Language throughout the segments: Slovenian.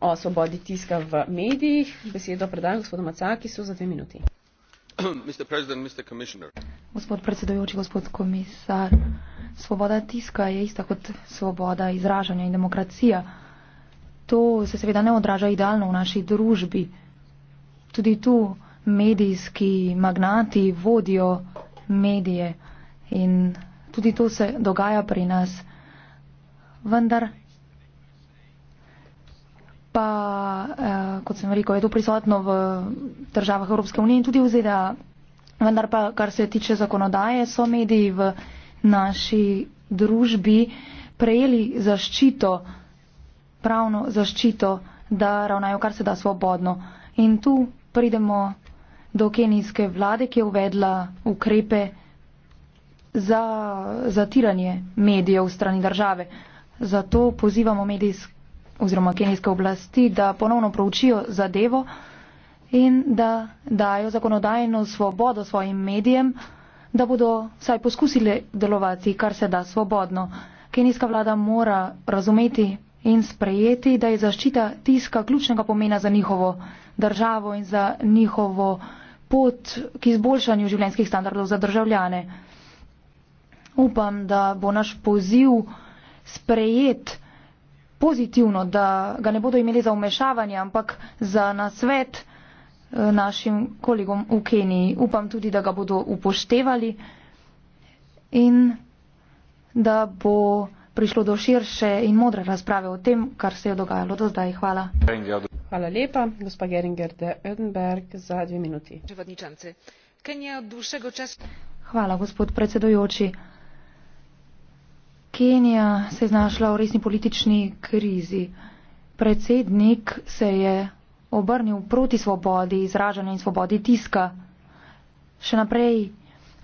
o svobodi tiska v medijih. Besedo predajam gospodu Macakisu za dve minuti. Mr. President, Mr. Commissioner. Gospod predsedujoči, gospod komisar, svoboda tiska je ista kot svoboda izražanja in demokracija. To se seveda ne odraža idealno v naši družbi. Tudi tu medijski magnati vodijo medije in tudi to se dogaja pri nas. Vendar pa, eh, kot sem rekel, je to prisotno v državah Evropske unije in tudi v ZDA. Vendar pa, kar se tiče zakonodaje, so mediji v naši družbi prejeli zaščito, pravno zaščito, da ravnajo kar se da svobodno. In tu pridemo do kenijske vlade, ki je uvedla ukrepe za zatiranje medijev strani države. Zato pozivamo medijske oziroma kenijske oblasti, da ponovno proučijo zadevo in da dajo zakonodajno svobodo svojim medijem, da bodo vsaj poskusili delovati, kar se da svobodno. Kenijska vlada mora razumeti in sprejeti, da je zaščita tiska ključnega pomena za njihovo državo in za njihovo pot k izboljšanju življenjskih standardov za državljane. Upam, da bo naš poziv sprejet pozitivno, da ga ne bodo imeli za umešavanje, ampak za nasvet eh, našim kolegom v Keniji. Upam tudi, da ga bodo upoštevali in da bo prišlo do širše in modre razprave o tem, kar se je dogajalo do zdaj. Hvala. Hvala lepa, gospa Geringer de Ödenberg, za dve minuti. Hvala, gospod predsedujoči. Kenija se je znašla v resni politični krizi. Predsednik se je obrnil proti svobodi izražanja in svobodi tiska. Še naprej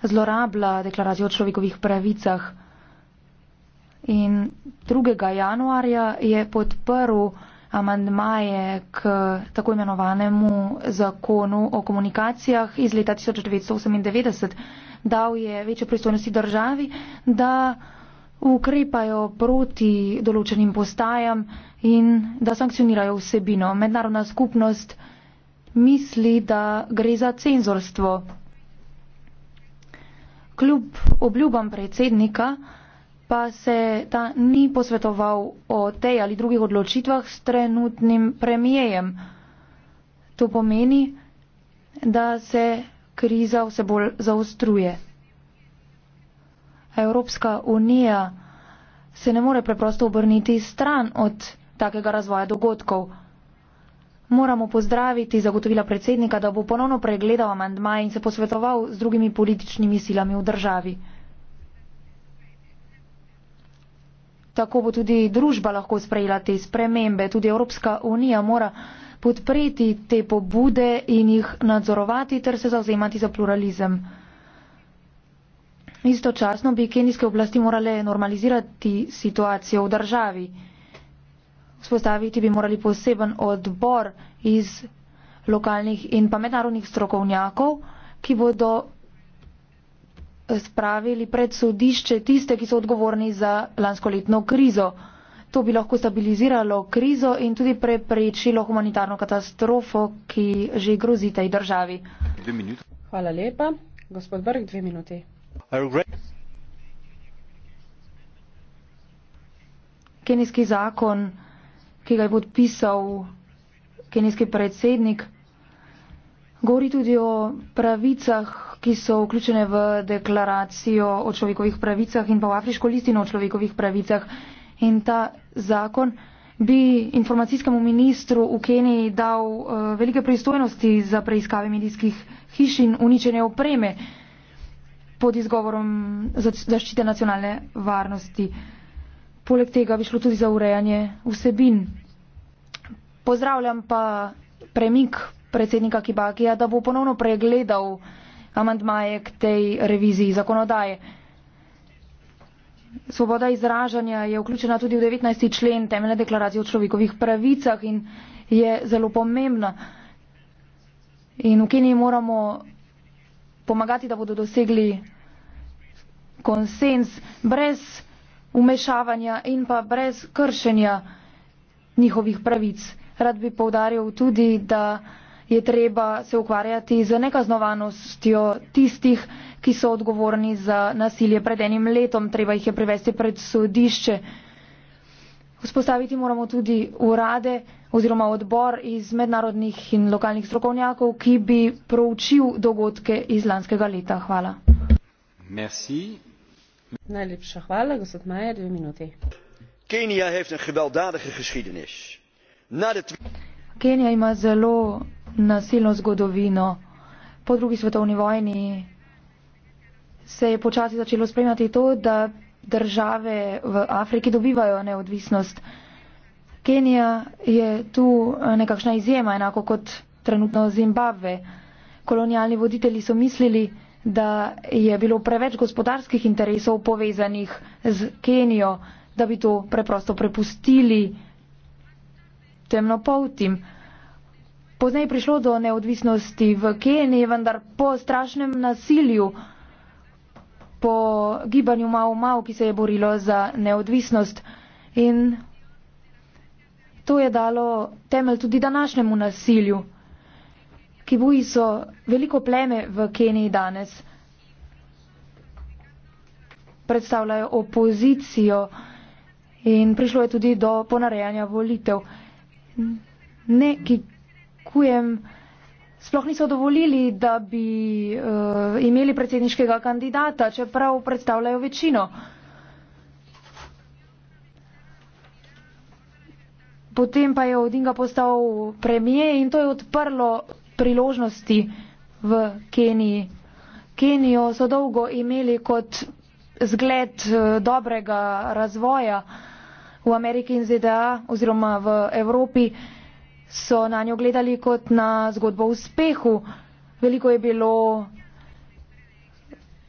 zlorablja deklaracijo o človekovih pravicah. In 2. januarja je podprl amandmaje k tako imenovanemu zakonu o komunikacijah iz leta 1998. Dal je večjo pristojnosti državi, da ukrepajo proti določenim postajam in da sankcionirajo vsebino. Mednarodna skupnost misli, da gre za cenzorstvo. Kljub obljubam predsednika pa se ta ni posvetoval o tej ali drugih odločitvah s trenutnim premijejem. To pomeni, da se kriza vse bolj zaostruje. Evropska unija se ne more preprosto obrniti stran od takega razvoja dogodkov. Moramo pozdraviti zagotovila predsednika, da bo ponovno pregledal amandmaje in se posvetoval z drugimi političnimi silami v državi. Tako bo tudi družba lahko sprejela te spremembe. Tudi Evropska unija mora podpreti te pobude in jih nadzorovati ter se zauzemati za pluralizem. Istočasno bi kenijske oblasti morale normalizirati situacijo v državi. Spostaviti bi morali poseben odbor iz lokalnih in pa mednarodnih strokovnjakov, ki bodo spravili pred sodišče tiste, ki so odgovorni za lanskoletno krizo. To bi lahko stabiliziralo krizo in tudi preprečilo humanitarno katastrofo, ki že grozi tej državi. Hvala lepa. Gospod Brg, dve minuti. Kenijski zakon, ki ga je podpisal kenijski predsednik, govori tudi o pravicah, ki so vključene v deklaracijo o človekovih pravicah in pa v afriško listino o človekovih pravicah. In ta zakon bi informacijskemu ministru v Keniji dal uh, velike pristojnosti za preiskave medijskih hiš in uničene opreme. Uh, pod izgovorom zaščite nacionalne varnosti. Poleg tega bi šlo tudi za urejanje vsebin. Pozdravljam pa premik predsednika Kibakija, da bo ponovno pregledal amantmaje k tej reviziji zakonodaje. Svoboda izražanja je vključena tudi v 19. člen temeljne deklaracije o človekovih pravicah in je zelo pomembna. In v Keniji moramo pomagati, da bodo dosegli konsens, brez umešavanja in pa brez kršenja njihovih pravic. Rad bi povdaril tudi, da je treba se ukvarjati z nekaznovanostjo tistih, ki so odgovorni za nasilje pred enim letom, treba jih je privesti pred sodišče. Vzpostaviti moramo tudi urade oziroma odbor iz mednarodnih in lokalnih strokovnjakov, ki bi proučil dogodke iz lanskega leta. Hvala. Merci. Kenia heeft een gewelddadige geschiedenis. Na de Kenia ima zelo nasilno zgodovino. Po drugi svetovni vojni se je počasi začelo spremljati to, da države v Afriki dobivajo neodvisnost. Kenija je tu nekakšna izjema, enako kot trenutno Zimbabve. Kolonialni voditelji so mislili, da da je bilo preveč gospodarskih interesov povezanih z Kenijo, da bi to preprosto prepustili temnopoltim. Poznaj je prišlo do neodvisnosti v Keniji, vendar po strašnem nasilju, po gibanju Mao Mao, ki se je borilo za neodvisnost. In to je dalo temelj tudi današnjemu nasilju. Kivuji so veliko pleme v Keniji danes. Predstavljajo opozicijo in prišlo je tudi do ponarejanja volitev. Ne, Kikujem sploh niso dovolili, da bi uh, imeli predsedniškega kandidata, čeprav predstavljajo večino. Potem pa je Odinga postal premije in to je odprlo priložnosti v Keniji. Kenijo so dolgo imeli kot zgled eh, dobrega razvoja v Ameriki in ZDA oziroma v Evropi so na njo gledali kot na zgodbo uspehu. Veliko je bilo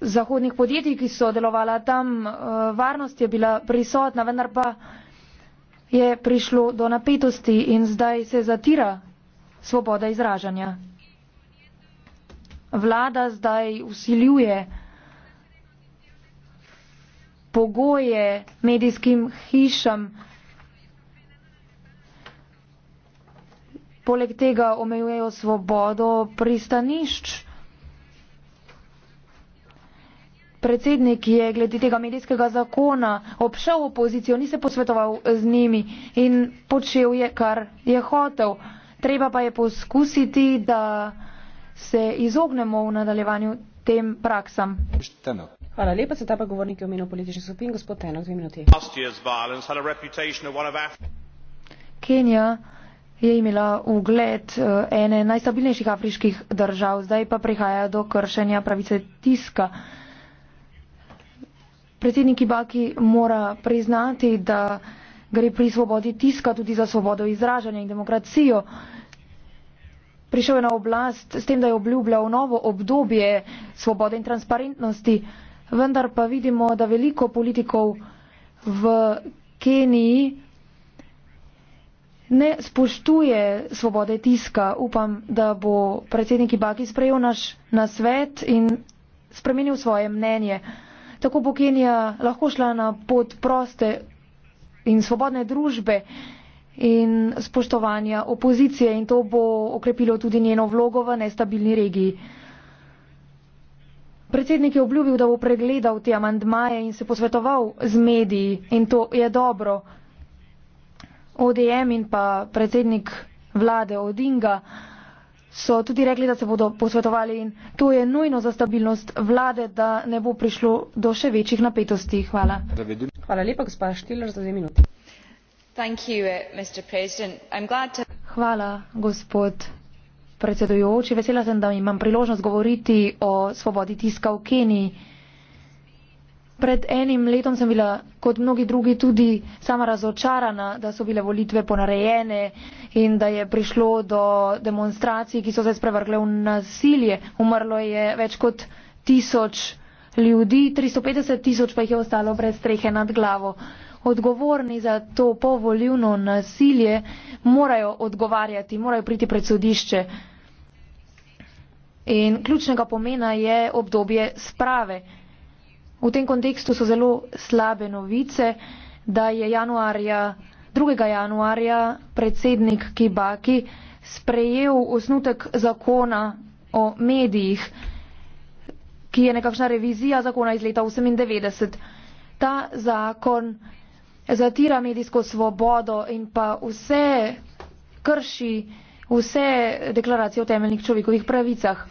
zahodnih podjetij, ki so delovala tam, eh, varnost je bila prisotna, vendar pa je prišlo do napetosti in zdaj se zatira svoboda izražanja. Vlada zdaj usiljuje pogoje medijskim hišam, poleg tega omejujejo svobodo pristanišč. Predsednik je glede tega medijskega zakona obšel opozicijo, ni se posvetoval z njimi in počel je, kar je hotel. Treba pa je poskusiti, da se izognemo v nadaljevanju tem praksam. Hvala lepa, se ta pa govornik je omenil politični skupin, gospod Tenok, dve minuti. Kenija je imela ugled eh, ene najstabilnejših afriških držav, zdaj pa prihaja do kršenja pravice tiska. Predsednik Ibaki mora priznati, da gre pri svobodi tiska, tudi za svobodo izražanja in demokracijo. Prišel je na oblast s tem, da je obljubljal novo obdobje svobode in transparentnosti, vendar pa vidimo, da veliko politikov v Keniji ne spoštuje svobode tiska. Upam, da bo predsednik Ibaki sprejel naš nasvet in spremenil svoje mnenje. Tako bo Kenija lahko šla na pot proste in svobodne družbe in spoštovanja opozicije in to bo okrepilo tudi njeno vlogo v nestabilni regiji. Predsednik je obljubil, da bo pregledal te amandmaje in se posvetoval z mediji in to je dobro. ODM in pa predsednik vlade Odinga so tudi rekli, da se bodo posvetovali in to je nujno za stabilnost vlade, da ne bo prišlo do še večjih napetosti. Hvala. Zavedim. Eh, Hvala, gospod predsedujoči. Vesela sem, da imam priložnost govoriti o svobodi tiska v Keniji. Pred enim letom sem bila, kot mnogi drugi, tudi sama razočarana, da so bile volitve ponarejene in da je prišlo do demonstracij, ki so se sprevrgle v nasilje. Umrlo je več kot tisoč ljudi ljudi, 350 tisoč pa jih je ostalo brez strehe nad glavo. Odgovorni za to povoljivno nasilje morajo odgovarjati, morajo priti pred sodišče. In ključnega pomena je obdobje sprave. V tem kontekstu so zelo slabe novice, da je januarja, 2. januarja predsednik Kibaki sprejel osnutek zakona o medijih ki je nekakšna revizija zakona iz leta 98. Ta zakon zatira medijsko svobodo in pa vse krši vse deklaracije o temeljnih človekovih pravicah.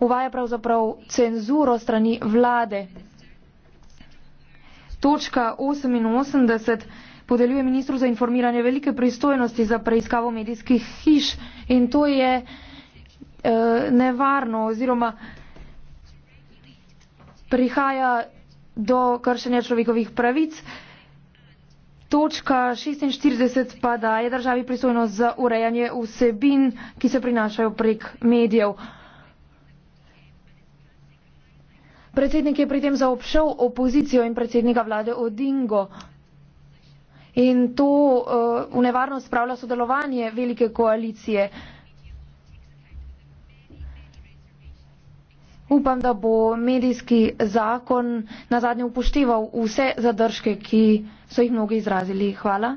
Uvaja pravzaprav cenzuro strani vlade. Točka 88 podeljuje ministru za informiranje velike pristojnosti za preiskavo medijskih hiš in to je e, nevarno oziroma prihaja do kršenja človekovih pravic. Točka 46 pa daje državi pristojnost za urejanje vsebin, ki se prinašajo prek medijev. Predsednik je pri tem zaobšel opozicijo in predsednika vlade Odingo. In to uh, v nevarnost spravlja sodelovanje velike koalicije. Uh, Upam, da bo medijski zakon na zadnje upošteval vse zadržke, ki so jih mnogi izrazili. Hvala.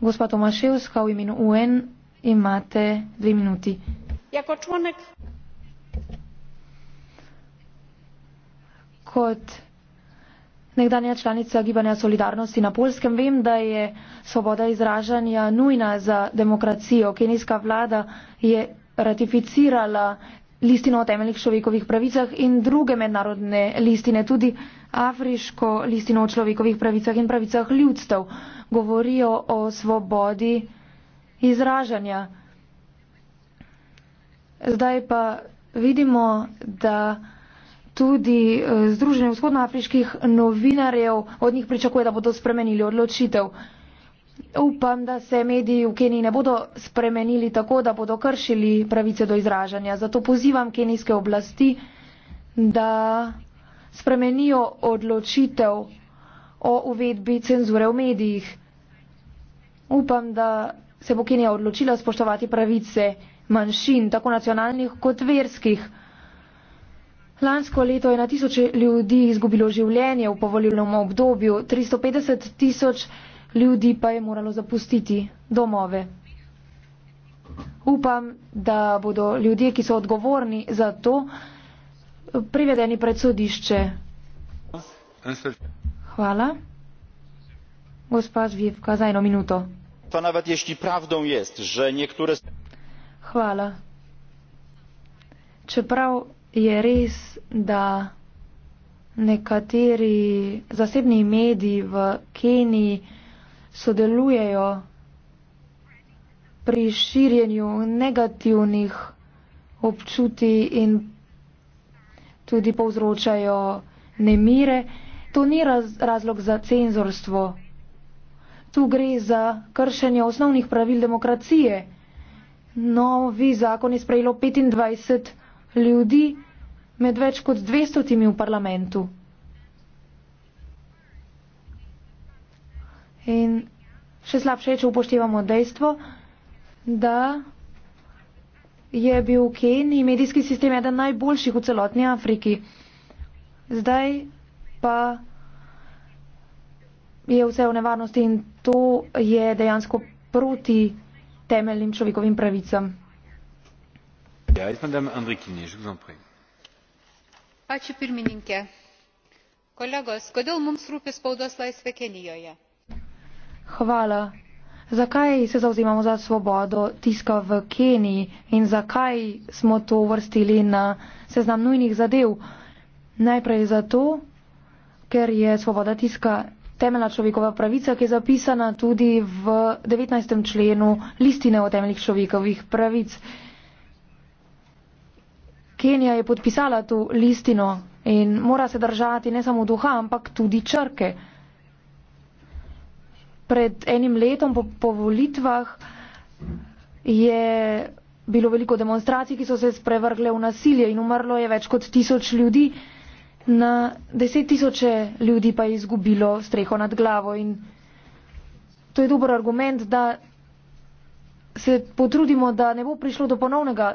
Gospa Tomaševska, v imenu UN imate dve minuti. Jako članek. Kot nekdanja članica Gibanja solidarnosti na Polskem vem, da je svoboda izražanja nujna za demokracijo. Kenijska vlada je ratificirala listino o temeljnih človekovih pravicah in druge mednarodne listine, tudi afriško listino o človekovih pravicah in pravicah ljudstev, govorijo o svobodi izražanja. Zdaj pa vidimo, da tudi eh, Združenje vzhodnoafriških novinarjev od njih pričakuje, da bodo spremenili odločitev. Upam, da se mediji v Keniji ne bodo spremenili tako, da bodo kršili pravice do izražanja. Zato pozivam kenijske oblasti, da spremenijo odločitev o uvedbi cenzure v medijih. Upam, da se bo Kenija odločila spoštovati pravice manjšin, tako nacionalnih kot verskih. Lansko leto je na tisoče ljudi izgubilo življenje v povoljivnem obdobju, 350 tisoč ljudi pa je moralo zapustiti domove. Upam, da bodo ljudje, ki so odgovorni za to, privedeni pred sodišče. Hvala. Gospa Žvivka, za eno minuto. To navad, ješti pravdom jest, že nekture... Hvala. Čeprav je res, da nekateri zasebni mediji v Keniji sodelujejo pri širjenju negativnih občuti in tudi povzročajo nemire. To ni raz, razlog za cenzorstvo. Tu gre za kršenje osnovnih pravil demokracije. Novi zakon je sprejelo 25 ljudi med več kot 200 v parlamentu. In še slabše je, če upoštevamo dejstvo, da je bil v Keniji medijski sistem eden najboljših v celotni Afriki. Zdaj pa je vse v nevarnosti in to je dejansko proti temeljnim človekovim pravicam. Ja, Ačiū pirmininkė. Kolegos, kodėl mums rūpi spaudos laisvė Kenijoje? Hvala. Zakaj se zauzimamo za svobodo tiska v Keniji in zakaj smo to vrstili na seznam nujnih zadev? Najprej zato, ker je svoboda tiska temeljna človekova pravica, ki je zapisana tudi v 19. členu listine o temeljnih človekovih pravic. Kenija je podpisala to listino in mora se držati ne samo duha, ampak tudi črke pred enim letom po, po volitvah je bilo veliko demonstracij, ki so se sprevrgle v nasilje in umrlo je več kot tisoč ljudi. Na deset tisoče ljudi pa je izgubilo streho nad glavo in to je dober argument, da se potrudimo, da ne bo prišlo do ponovnega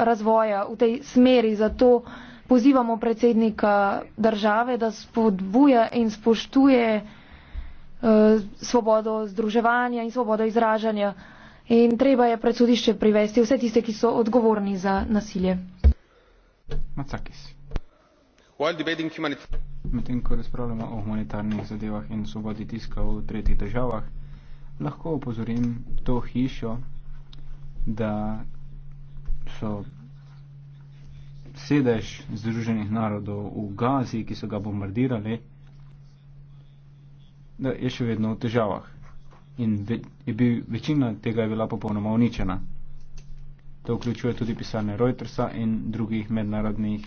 razvoja v tej smeri. Zato pozivamo predsednika države, da spodbuja in spoštuje Eh, svobodo združevanja in svobodo izražanja. In treba je pred sodišče privesti vse tiste, ki so odgovorni za nasilje. Medtem ko razpravljamo o humanitarnih zadevah in svobodi tiska v tretjih državah, lahko opozorim to hišo, da so sedež Združenih narodov v Gazi, ki so ga bombardirali, da je še vedno v težavah. In je bil, večina tega je bila popolnoma uničena. To vključuje tudi pisarne Reutersa in drugih mednarodnih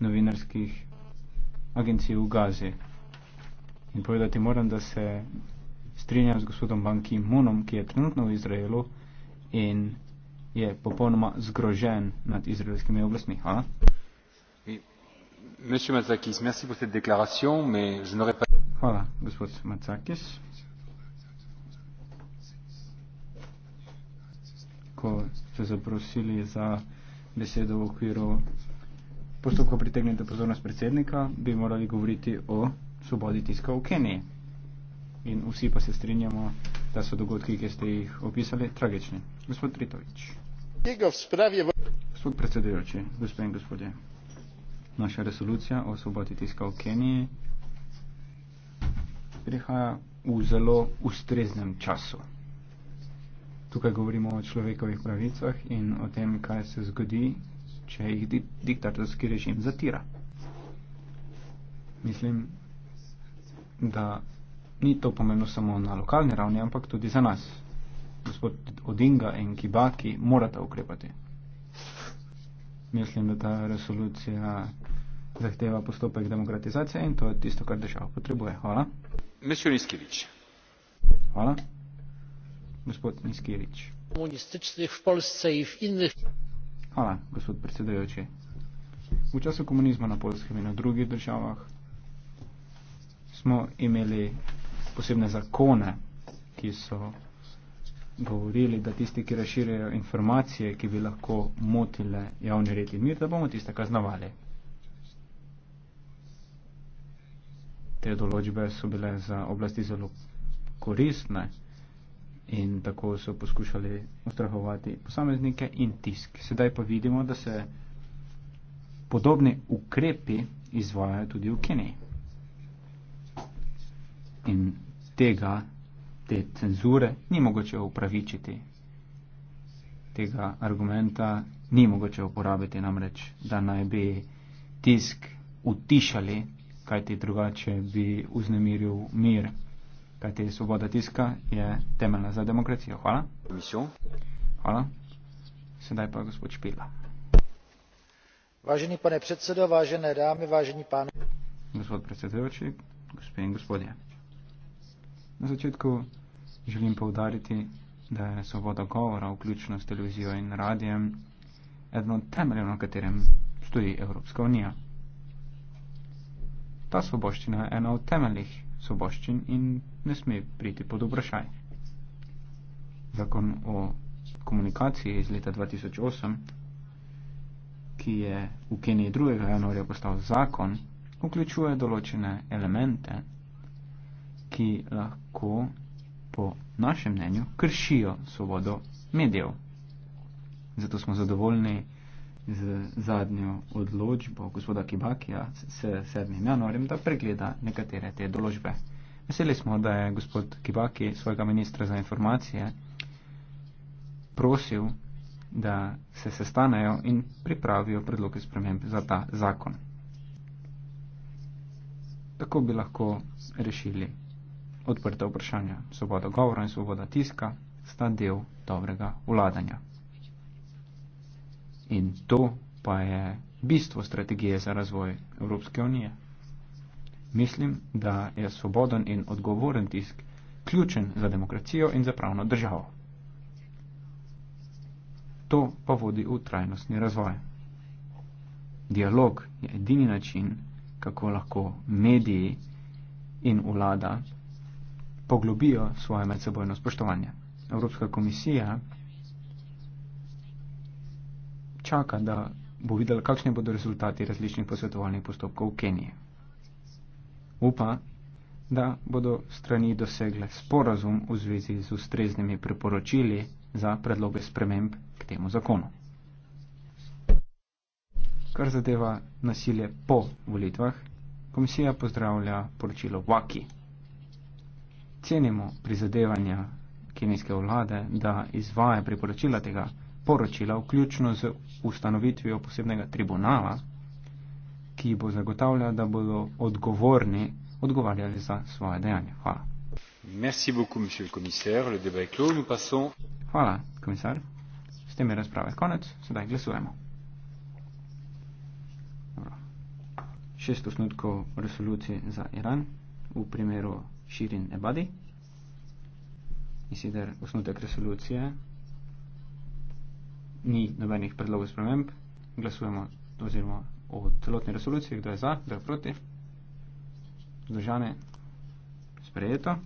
novinarskih agencij v Gazi. In povedati moram, da se strinjam z gospodom Banki Munom, ki je trenutno v Izraelu in je popolnoma zgrožen nad izraelskimi oblastmi. Hvala. Monsieur Mazakis, merci pour cette déclaration, mais je n'aurais pas. Hvala, gospod Macakis. Ko ste zaprosili za besedo v okviru postopka pritegnete pozornost predsednika, bi morali govoriti o svobodi tiska v Keniji. In vsi pa se strinjamo, da so dogodki, ki ste jih opisali, tragični. Gospod Tritovič. Gospod predsedujoči, gospod in gospodje, naša resolucija o svobodi tiska v Keniji prihaja v zelo ustreznem času. Tukaj govorimo o človekovih pravicah in o tem, kaj se zgodi, če jih di diktatorski režim zatira. Mislim, da ni to pomembno samo na lokalni ravni, ampak tudi za nas. Gospod Odinga in Kibaki morata ukrepati. Mislim, da ta resolucija zahteva postopek demokratizacije in to je tisto, kar država potrebuje. Hvala komunistycznych w Polsce i w innych... Hvala, gospod predsedajoči. V času komunizma na polskem in v drugih državah smo imeli posebne zakone, ki so govorili, da tisti, ki razširjajo informacije, ki bi lahko motile javni red in mir, da bomo tiste kaznovali. te določbe so bile za oblasti zelo koristne in tako so poskušali ustrahovati posameznike in tisk. Sedaj pa vidimo, da se podobni ukrepi izvajajo tudi v Keniji. In tega, te cenzure, ni mogoče upravičiti. Tega argumenta ni mogoče uporabiti namreč, da naj bi tisk utišali kajti drugače bi uznemiril mir. Kajti svoboda tiska je temeljna za demokracijo. Hvala. Hvala. Sedaj pa gospod Špila. Vážený pane predsedo, vážené dámy, vážení páni. Gospod predsedujoči, gospe in gospodje. Na začetku želim poudariti, da je svoboda govora, vključno s televizijo in radijem, eno temeljno, na katerem stoji Evropska unija. Ta svoboščina je ena od temeljih svoboščin in ne sme priti pod vprašaj. Zakon o komunikaciji iz leta 2008, ki je v Keniji 2. januarja postal zakon, vključuje določene elemente, ki lahko po našem mnenju kršijo svobodo medijev. Zato smo zadovoljni, z zadnjo odločbo gospoda Kibakija s 7. januarjem, da pregleda nekatere te določbe. Veseli smo, da je gospod Kibaki svojega ministra za informacije prosil, da se sestanejo in pripravijo predloge sprememb za ta zakon. Tako bi lahko rešili odprte vprašanja. Svoboda govora in svoboda tiska sta del dobrega vladanja. In to pa je bistvo strategije za razvoj Evropske unije. Mislim, da je svoboden in odgovoren tisk ključen za demokracijo in za pravno državo. To pa vodi v trajnostni razvoj. Dialog je edini način, kako lahko mediji in vlada poglobijo svoje medsebojno spoštovanje. Evropska komisija čaka, da bo videla, kakšne bodo rezultati različnih posvetovalnih postopkov v Keniji. Upa, da bodo strani dosegle sporazum v zvezi z ustreznimi priporočili za predloge sprememb k temu zakonu. Kar zadeva nasilje po volitvah, komisija pozdravlja poročilo Waki. Cenimo prizadevanja kenijske vlade, da izvaja priporočila tega poročila, vključno z ustanovitvijo posebnega tribunala, ki bo zagotavljal, da bodo odgovorni odgovarjali za svoje dejanje. Hvala. Merci beaucoup, monsieur le commissaire. Le débat est clos. Nous passons. Voilà, commissaire. C'était mes respraves. Connaît, c'est d'ailleurs le souhait. Шесто снутко резолюции за Иран у примеру Ширин Эбади. И сидер снуток резолюции ni nobenih predlogov sprememb, glasujemo oziroma o celotni resoluciji, kdo je za, kdo je proti, zdržane, sprejeto.